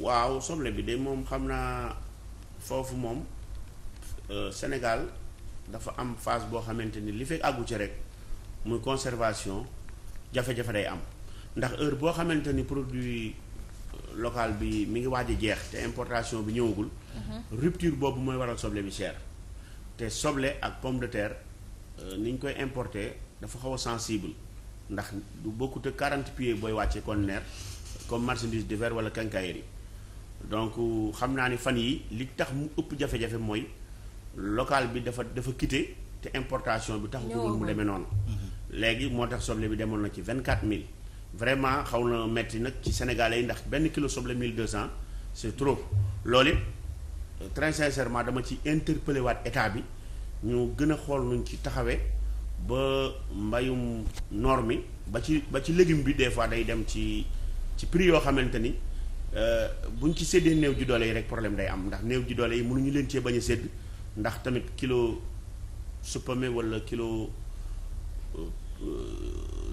waaw soble bi de moom xam naa foofu moom euh, Sénégal dafa am phase boo xamante ni li fekk àggu ci rek muy conservation jafe-jafe day am ndax heure boo xamante ni produit euh, local bi mi ngi waaj a jeex te importation bi ñëwagul. Mhm. rupture boobu mooy waral soble bi cher. te soble ak pomme de terre euh, ni ñu koy importer dafa xaw a sensible ndax du bokkut ak 40 pieds booy wàccee conteneur comme marchandise ver wala quincaillerie donc xam naa ni fan yi li tax mu ëpp jafe-jafe mooy local bi dafa dafa quitté te importation bi taxu ko woon mu demee noonu mhm. léegi moo tax soble bi demoon na ci vingt quatre mille vraiment xaw na metti nag ci sénégalais yi ndax benn kilo soble mille deux cent c'est trop loolu it très sincèrement dama ci interpellé waat état bi ñu gën a xool nuñ ci taxawee ba mbayum noor mi ba ci ba ci légume bi des fois day dem ci ci prix yoo xamante ni bu euh, buñ ci seddee néew ji doole yi rek problème day am ndax néew ji doole yi mënuñu leen cee bañ a sédd ndax tamit kilo supame wala kilo euh,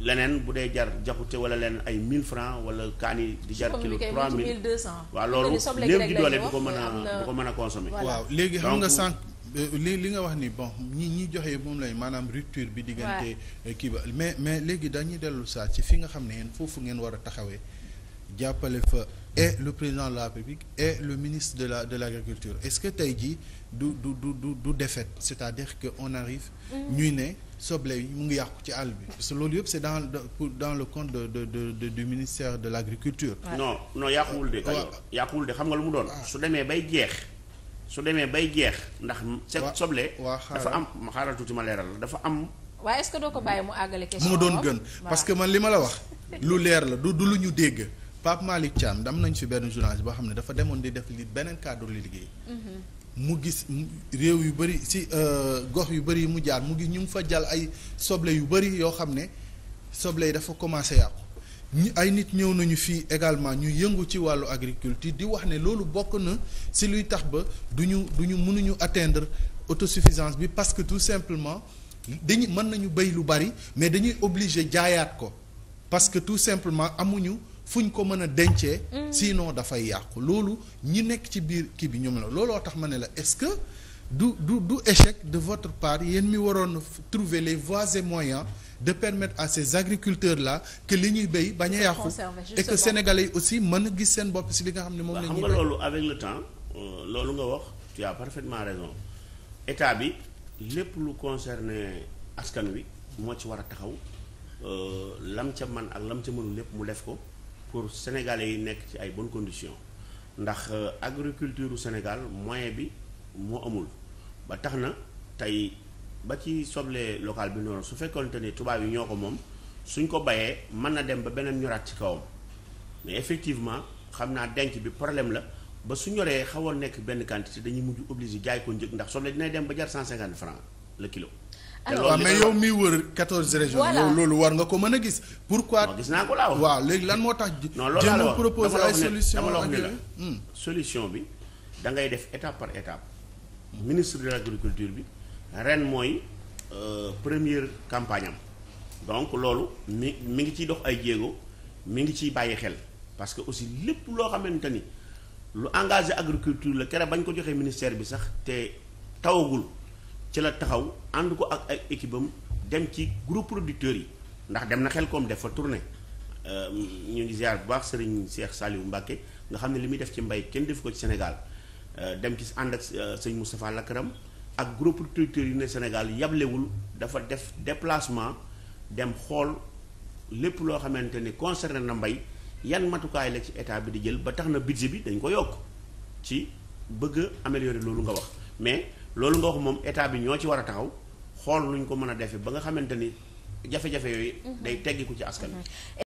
leneen bu dee jar jaxute wala leneen ay 1000 francs wala kaani di jar kilo 3000 waaw loolu néew ji doole bu ko mën a bu mën a consommer waaw léegi xam nga sànq euh, li li nga wax ni bon ñi ñi joxe moom lay maanaam ructure bi diggante kii mais mais léegi dañuy dellu saa ci fi nga xam ne ngeen foofu ngeen war a taxawee jàppale fa et le président de la République et le ministre de la de la l'agriculture est-ce que tey jii du du du du du défaite c'est-à-dire que on arrive mm. ñuy ne soble yi mu ngi yàqu ci àll bi parce que loolu yëpp c'est dans dans le compte de de de du ministère de l'agriculture non non yàquwul de yàquwul de xam nga lu mu doon ah. su demee bay jeex su demee bay jeex ndax se soble dafa am ma xaaral tuuti ma leeral la dafa am waaye est-ce doo ko bàyyi mu àggale question mu doon gën parce que man li ma la wax lu leer la du du lu ñu dégg Pape Malick Thiam dam nañ fi benn journaliste boo xam ne dafa demoon di def li beneen cadre li liggéey. Mhm. gis réew yu bëri si euh, gox yu bëri mu jaar mu gis ñu fa jàll ay soble yu bëri yoo xam ne soble yi dafa commencé yàqu. ay nit ñëw nañu fii également ñu yëngu ci wàllu agriculture di wax ne loolu bokk na si luy tax ba du ñu du ñu mënuñu atteindre autosuffisance bi parce que tout simplement dañu mën nañu béy lu bëri mais dañuy obligé jaayaat ko parce que tout simplement amuñu. fu ñu ko mën a dencee. Mm. sinon dafay yàqu loolu ñi nekk ci biir kii bi ñoom la looloo tax ma ne la est-ce que du du du échec de votre part yéen mi waroon trouver les voies et moyens de permettre à ces agriculteurs la que li ñuy béy bañ a yàqu. et que sénégalais yi aussi mën a gis seen bopp si li nga xam ne moom la ñuy xam nga loolu avec le temps euh, loolu nga wax tu as parfaitement raison état bi lépp lu concerné askan wi moo ci war a taxaw euh, lam ca man ak lam ca mënul lépp mu def ko. pour sénégalais yi nekk ci ay bonnes conditions ndax euh, agriculture u Sénégal moyen bi moo amul ba tax na tey ba ci soble local bi noonu su fekkoonte ni tubaab yi ñoo ko moom suñ ko bayee mën na dem ba beneen ñoraat ci kawam mais effectivement xam naa denc bi problème la ba su ñoree xawoon nekk benn quantité dañuy mujj obligé jaay ko njëg ndax soble dinay dem ba jar 150 francs le kilo waaw ah, mais yow miy wër quatorze régions yow loolu war nga ko mën a gis pourquoi gis naa ko laa wax waaw léegi lan moo tax jéem proposer ay solution dama la wax ne la hmm. solution bi da ngay def étape par étape ministre de l'agriculture bi ren mooy euh, première campagne am donc loolu mi mi ngi ciy dox ay jéego mi ngi ciy bàyyi xel parce que aussi lépp loo xamante ni lu engagé agriculture la kere bañ ko joxee ministère bi sax te tawagul ci la taxaw ànd ko ak ay équipe dem ci groupe producteurs yi ndax dem na xel comme def fa tournée euh, ñu ngi ziar bu baax Serigne Cheikh Saliou Mbacke nga xam ne li muy def ci mbay kenn def ko ci Sénégal euh, dem ci ànd ak euh, sëñ Moustapha Lakaram ak groupe producteurs yi ne Sénégal yablewul dafa def déplacement dem xool lépp loo xamante ni concerné na mbay yan matukaay la ci état bi di jël ba tax na budget bi dañ ko yokk ci bëgg améliorer loolu nga wax loolu nga wax moom état bi ñoo ci war a taxaw xool lu ñu ko mën a defee ba nga xamante ni jafe-jafe yooyu. Mhm. day teggiku ci askan wi. Mhm.